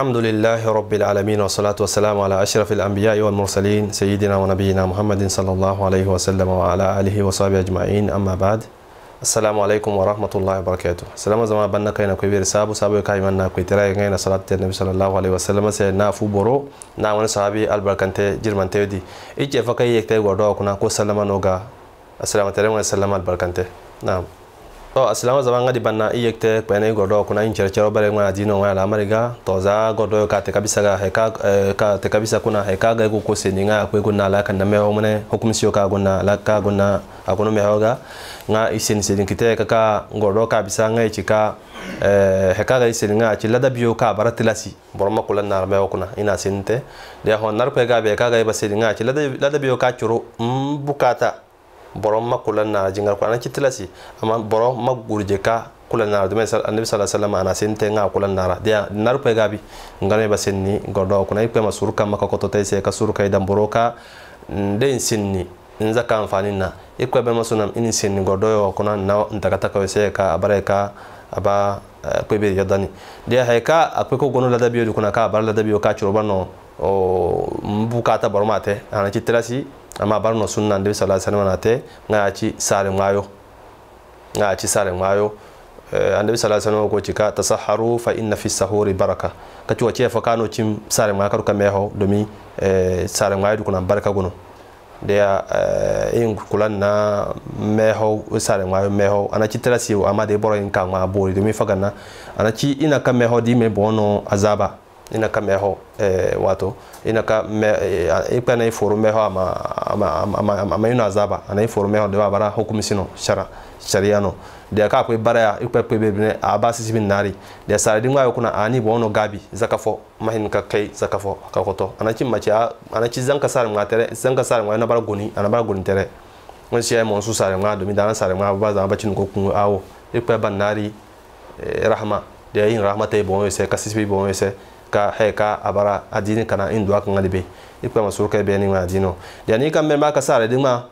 الحمد لله رب العالمين والصلاة والسلام على أشرف الأنبياء والمرسلين سيدنا ونبينا محمد صلى الله عليه وسلم وعلى آله وصحبه أجمعين أما بعد السلام عليكم ورحمة الله وبركاته السلام زما بنا كاينا كوي بير سابو سابو كاي منا كوي ترى كاينا صلاة النبي صلى الله عليه وسلم سي نافو برو ناون صحابي البركانتي جرمان تيودي إيجي فكاي يكتاي وردو كنا كو سلام نوغا السلام عليكم السلام البركانتي نعم to asilamu zabanga di banna i yekte kpene godo kuna in cherchero bare ngwana dino ngwana la mariga to za ka te kabisa ga heka eh, ka te kabisa kuna heka ga ko kose ninga ko ko nala kan me ho mune hukum siyo ka guna la ka guna akono me hoga nga isin sin kite ka ka godo ka bisa nga chika heka ga isin nga chilla da biyo ka baratilasi borma kula na me ho kuna ina sinte de ho nar ga be ka ga basin nga chilla da biyo ka churu mbukata bɔrɔ ma kola na jingar ko ana kitilasi amma bɔrɔ ma gurje ka kula na dum annabi sallallahu alaihi wasallam ana sente nga kula nara dia nar pe gabi ngane ba senni godo kuna ipe masurka maka koto taise ka surka idan boroka den sinni nza ka amfani na ikwe be masuna ini sinni godo yo kuna na ntakata ka wese ka abare eh, ka aba kwebe yadani dia heka akwe ko gono ladabiyo kuna ka abare ladabiyo ka churobano mbukata baro mate ana ci tirasi amma bar no sunna nabi sallallahu alaihi wasallam ate nga ci sare ngayo nga ci sare ngayo annabi eh, sallallahu alaihi wasallam ko cika tasahharu fa inna fi sahuri baraka Ka ci wace fa kano ci sare ngayo karuka meho domi eh, sare ngayo kuna baraka gono da ya eh, in kulan na meho sare ngayo meho ana ci tirasi amma de boro in kan ma bori domi faganna ana ci ina kan meho di me bono azaba inaka meho eh, watu inaka me, eh, ikpe na ifuru meho ama, ama, ama, ama, ama ino azaba ana ifuru meho de bara hukumi sino shara sharia no de ka ko bara ya ikpe pe be ne aba sisi bin nari de sara dingwa yo kuna ani bo ono gabi zakafo mahin ka kai zakafo ka koto ana cin mace ana cin zanka sar ma tere zanka sar ma na bara goni ana bara goni tere won shi ay mon su sar ma do mi dana sar ma ba za ba cin ko kun awo ikpe ban nari eh, rahma de yin rahma te bon yo se kasisi bon yo se ka heka abara adini kana in duwa kan Ipa ikpa masuru ka beni ma adino ya ni kan memba ka sare dingma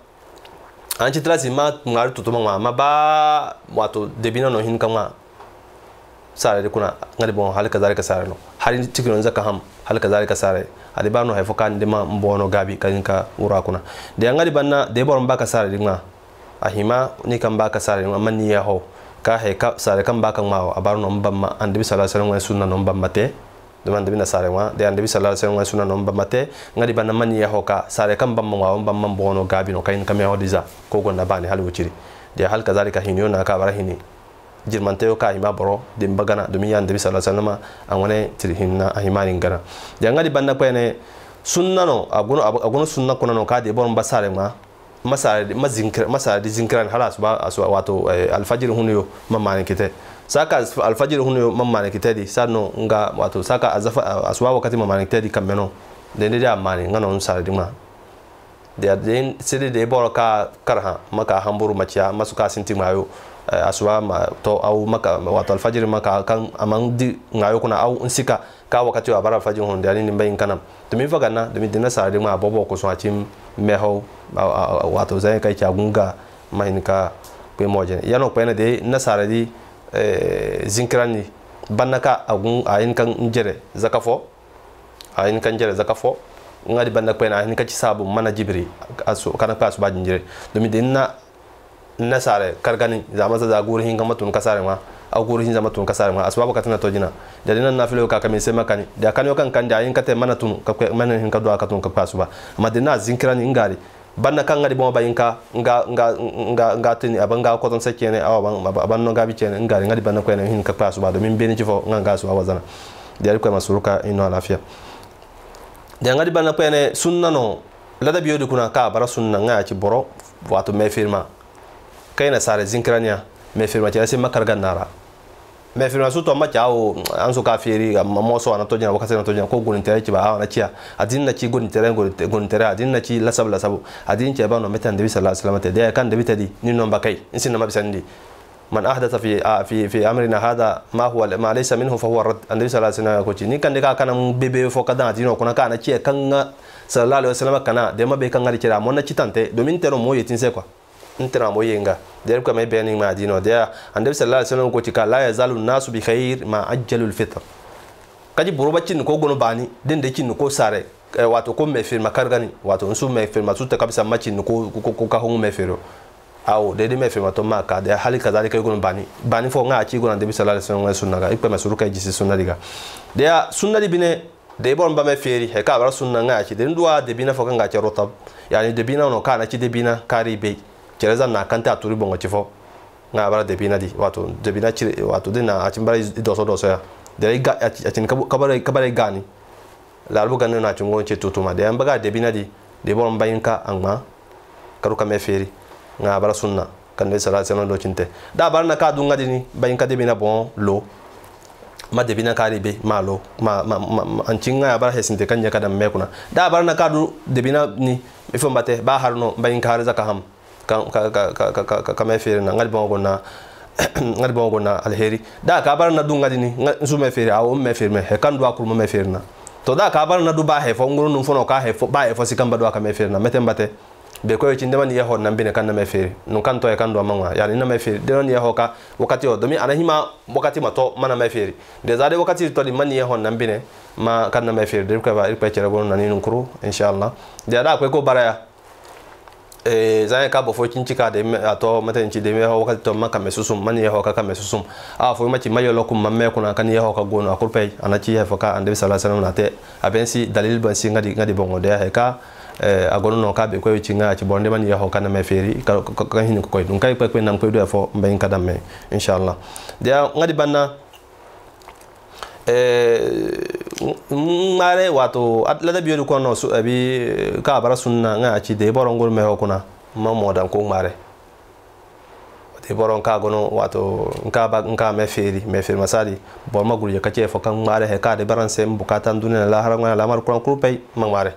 an ci trasi ma ngar tutuma ma ma ba wato debina no hin kama sare de kuna ngari bon halka zalika sare no hari tikino zaka ham halka zalika sare ade bano hay fokan de ma mbono gabi kan ka ura kuna de ngari banna de bor ka sare de ma ahima ni kan ka sare ma man ya ho ka he ka sare kan baka ma abar no mbamma andi bi sallallahu alaihi wasallam sunna no mbamma te duma bina sare wa de ande ndibi sallallahu alaihi wasallam suna nomba mate ngadi bana mani ya hoka sare kan bamma wa bamma bono gabi no kain kamya diza ko na bani halu wuciri de hal kazalika hinyo na ka barahini jirmante yo ka hima boro de bagana dumi ya ande ndibi sallallahu alaihi wasallam angone tirhinna ahimani ngana de ngadi bana kwene sunna no agono agono sunna kuna no ka de bon basare ma masare mazinkira masare di zinkiran halas ba aswa wato eh, alfajir hunyo mamani kite saka alfajir hunu man manikitedi sanno nga wato saka azafa aswa wakati man manikitedi kameno dende da mani nga non sare dima de den sidi de boro ka karha maka hamburu maciya masuka ka sinti mayo eh, aswa ma to au maka wato alfajir maka kan amang di ngayo kuna au nsika ka wakati wa bara alfajiri hunu dalin nimbe kanam to min faga na dumi dina sare dinga bobo ko so achim meho wato zai kai gunga mahinka pe mojen yano pe na de nasara di Eh, zinkirani bannaka agun yin kan njere zakafo a yin kan njere zaka di ngadi bannak pena yin kan ci sabu mana jibri asu kana pasu ba njere domin din na nasare kargani zama za gure hin ga tun kasare ma a gure hin zama tun kasare ma asbabu to jina da dinan na filo ka kamin sai makani da kan yo kan kan da ka kate mana tun ka mana hin ka do ka tun ka pasu ba amma din na zinkirani ingari banna kan ngadi bon bayin ka nga nga nga nga tini aban ga ko ton sekene awa ban aban no gabi cene nga ngadi banna ko ene hin ka pasu ba domin beni ci fo nga ga su awazana da ko suruka inna lafiya da ngadi banna ko ene sunna no lada biyo du kuna ka bara sunna nga ci boro wato me firma kayna sare zinkrania me firma ci ase makar gannara mɛ fɛn so tɔn ma ca o an so k'a feere a ma mɔ sɔn a natɔ jɛnɛ wakasi natɔ jɛnɛ ko goni tɛrɛ ci ba a na ci a a ti na ci goni tɛrɛ goni tɛrɛ a ti na ci lasabu lasabu a ti cɛ ba nɔ n bɛ taa ndebi sala silamɛ tɛ dɛ kan ndebi tɛ di ni nɔ ba ka ɲi n sin nama bisani di من أحدث في في في أمرنا هذا ما هو ما ليس منه فهو رد النبي صلى الله عليه وسلم كوتشي ني كان ديكا كان بيبي فوكدا دينو كنا كان تشي كان صلى الله عليه وسلم كان ديما بي كان غادي تشي مون تشي تانتي دومين تيرو مو يتين سي كوا ntana mo yenga der ko me benin ma dino der annabi sallallahu alaihi wasallam ko ci ka la yazalu nasu bi khair ma ajjalul fitr kaji buruba cin ko gono bani den da cin ko sare eh, wato ko me firma kargani wato nsu me firma su ta kabisa ma ko ko ka hon me fero awo de de me firma to ma ka der hali kazalika gono bani bani fo nga ci gono annabi sallallahu alaihi wasallam sunna ga ikpe masuru kai jisi sunna diga der sunna di bine de bon ba me feri he ka bar sunna nga ci den duwa de bina fo kan ga ci rotab yani de bina no ka na ci de bina kari cereza na kante a turi bongo ci fo nga bara depi na di wato depi na ci wato de na acin bara doso doso ya da ga acin kabare kabare gani la albu gani na cin gonce tutuma da yan baga depi na di de bon bayin ka angma karu kame feri nga bara sunna kan ne sala sala do cinte da bara na ka dunga di ni bayin ka depi na bon lo ma depi na ka ribe ma lo ma ma ancin nga bara hesinte kan ya kada me kuna da bara na ka du depi na ni ifo mbate ba haruno bayin ka harza ka ham kama feere na ngali bango na ngali bango na alheri da ka bar na du ngali ni nsume feere awo me me he kan du me feere na to da ka bar na du he fo nguru num no ka he fo ba he fo sikamba du akame feere na metembate be ko yecin demani yeho nan bine kan na me feere nun kan to e kan do manga yani na me feere de yeho ka wakati o domi anahima wakati ma mana me feere de zade wakati to di man yeho nan bine ma kan na me feere de ko ba ir chere bon nan nun kuru inshallah de da ko ko baraya Eh, zan ka bofo cinci ka deme ato mata nci deme ho wakati to maka mesusum mani ho kaka susum a fo maki mayo lokum mamme kuna kan ho ka gono akurpe anaci he foka ande sallallahu alaihi wasallam nate abensi dalil bansi ngadi ngadi bongo de he ka eh, a gono no ka be ko ci nga ci bonde mani ho kana me feri ka ka hin ko koy dun kay ko nan koy do fo mbayin kadam me inshallah de ngadi banna eh ŋmaare wato atlada biyolu su abi ka bara sunna ŋa ci de bɔrɔ ngol meho kuna ma mɔdan ko mare te bɔrɔ nka gono wato nka ba nka me feri me feri masali bɔrɔ ma gurje kace fo kan ŋmaare he ka de baranse mbukata dunia lahara ŋmaare lamar kuran kurpei ma ŋmaare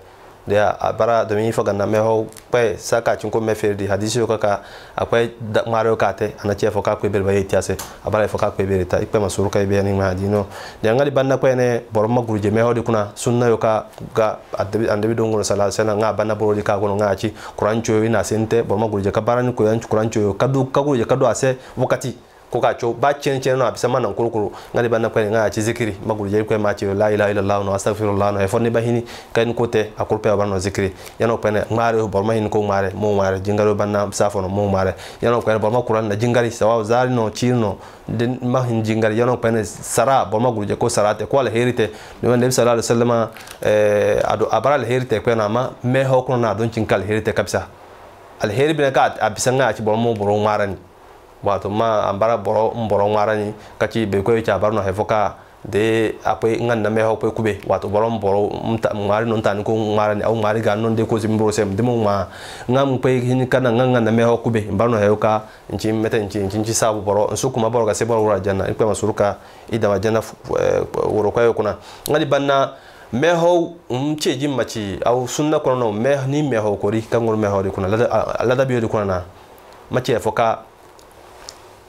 da abara da mi faga na me ho pe saka chin ko me fer di hadisi ko ka akwai da maro ka te ana che fo ka ko be ba yiti ase abara fo ka ko be ta ipe masuru ka be ni ma di no da ngali banna ko ne boro ma guruje me ho di kuna sunna yo ka ga andabi don ngoro sala sala nga banna boro di ka ko nga chi quran cho ina sente boro ma guruje ka barani ko yan quran cho yo kadu ka guruje kadu ase wakati kokacho ba tiɲɛ tiɲɛ na a na kurukuru nka de ba na kwɛni nka a ci zikiri ma guru jɛ kwɛ la ilaha illallah wa astaghfirullah no efɔ bahini ba kote ka ni ko ba no zikiri yana kwɛni ŋmaare bɔrɔma hini ko ngare mo ngare jingaro ba safo no mo ŋmaare yana kwɛni bɔrɔma kura na jingari sawa zari no ci no den ma hin jingari yana kwɛni sara bɔrɔma guru je ko sarate ko ala herite tɛ nabi sallallahu alaihi wasallam eh adu abral herite a bara alheri tɛ ma mɛ hɔ kɔnɔ na a don cin ka alheri tɛ kabisa alheri bɛ ka a bisa ci bɔrɔma bɔrɔ ŋmaare ni wato ma ambara boro mboro ngwarani kachi be ko cha barno he foka de ape ngan na me ho pe kube wato boro mboro mta ngwari non tan ko ngwarani au ngwari ga non de ko zim bro sem dimo ma ngam pe hin kana ngan ngan na me ho kube barno he ka nchi mete nchi nchi nchi sabu boro nsu kuma boro ga se boro wura janna ko masuruka ida wa janna woro ko kuna ngadi banna meho mche ji machi au sunna kono me ni meho kori kangor meho de kuna lada lada biyo de kuna na machi foka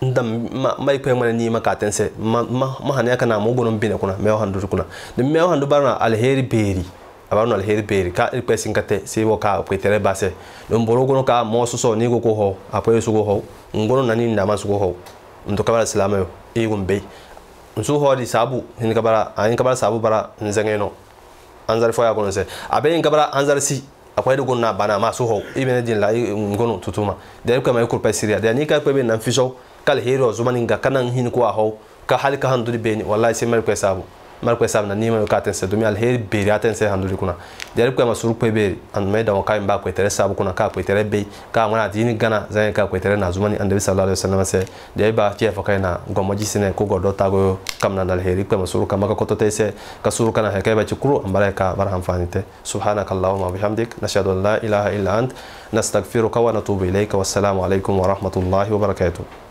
ndam mai kwe mana ni ma katense ma ma hanya kana mo gonon bine kuna me handu kuna de me handu barna alheri beri abarno alheri beri ka kwe sinkate se wo ka kwe tere base don boro gonon ka mo so so ni go ko ho apo so go ho ngono nani nda ma go ho ndo kabara salama yo e go mbe nso ho di sabu ni kabara ani kabara sabu bara nzenge no anzar fo ya gonon se abe ni kabara anzar si akwai da gonna bana ma so ho ibe ibene din la ngono tutuma da yakwa mai kurpa siria da ni ka kwe be nan fiso kal hero zumaninga kanan hin ko aho ka hal ka handu be ni wallahi sai mar ko sabu mar ko sabu na ni mar ka ten tense dumi al be ri aten sai handuri kuna dare ko ma suru ko be an mai da wakai ba ko tere sabu kuna ka ko tere be ka mana dini gana zan ka ko tere na zumani annabi sallallahu alaihi wasallam sai da ba ti fa kai na go gomo jisine ko godo ta go kam na dal heri ko ma suru kama ka ko to te se ka suru kana he kai ba ci cikuru an bare ka bar baraka barham fanite subhanakallahumma wa bihamdik nashhadu an la ilaha illa ant نستغفرك ونتوب إليك والسلام عليكم ورحمة الله وبركاته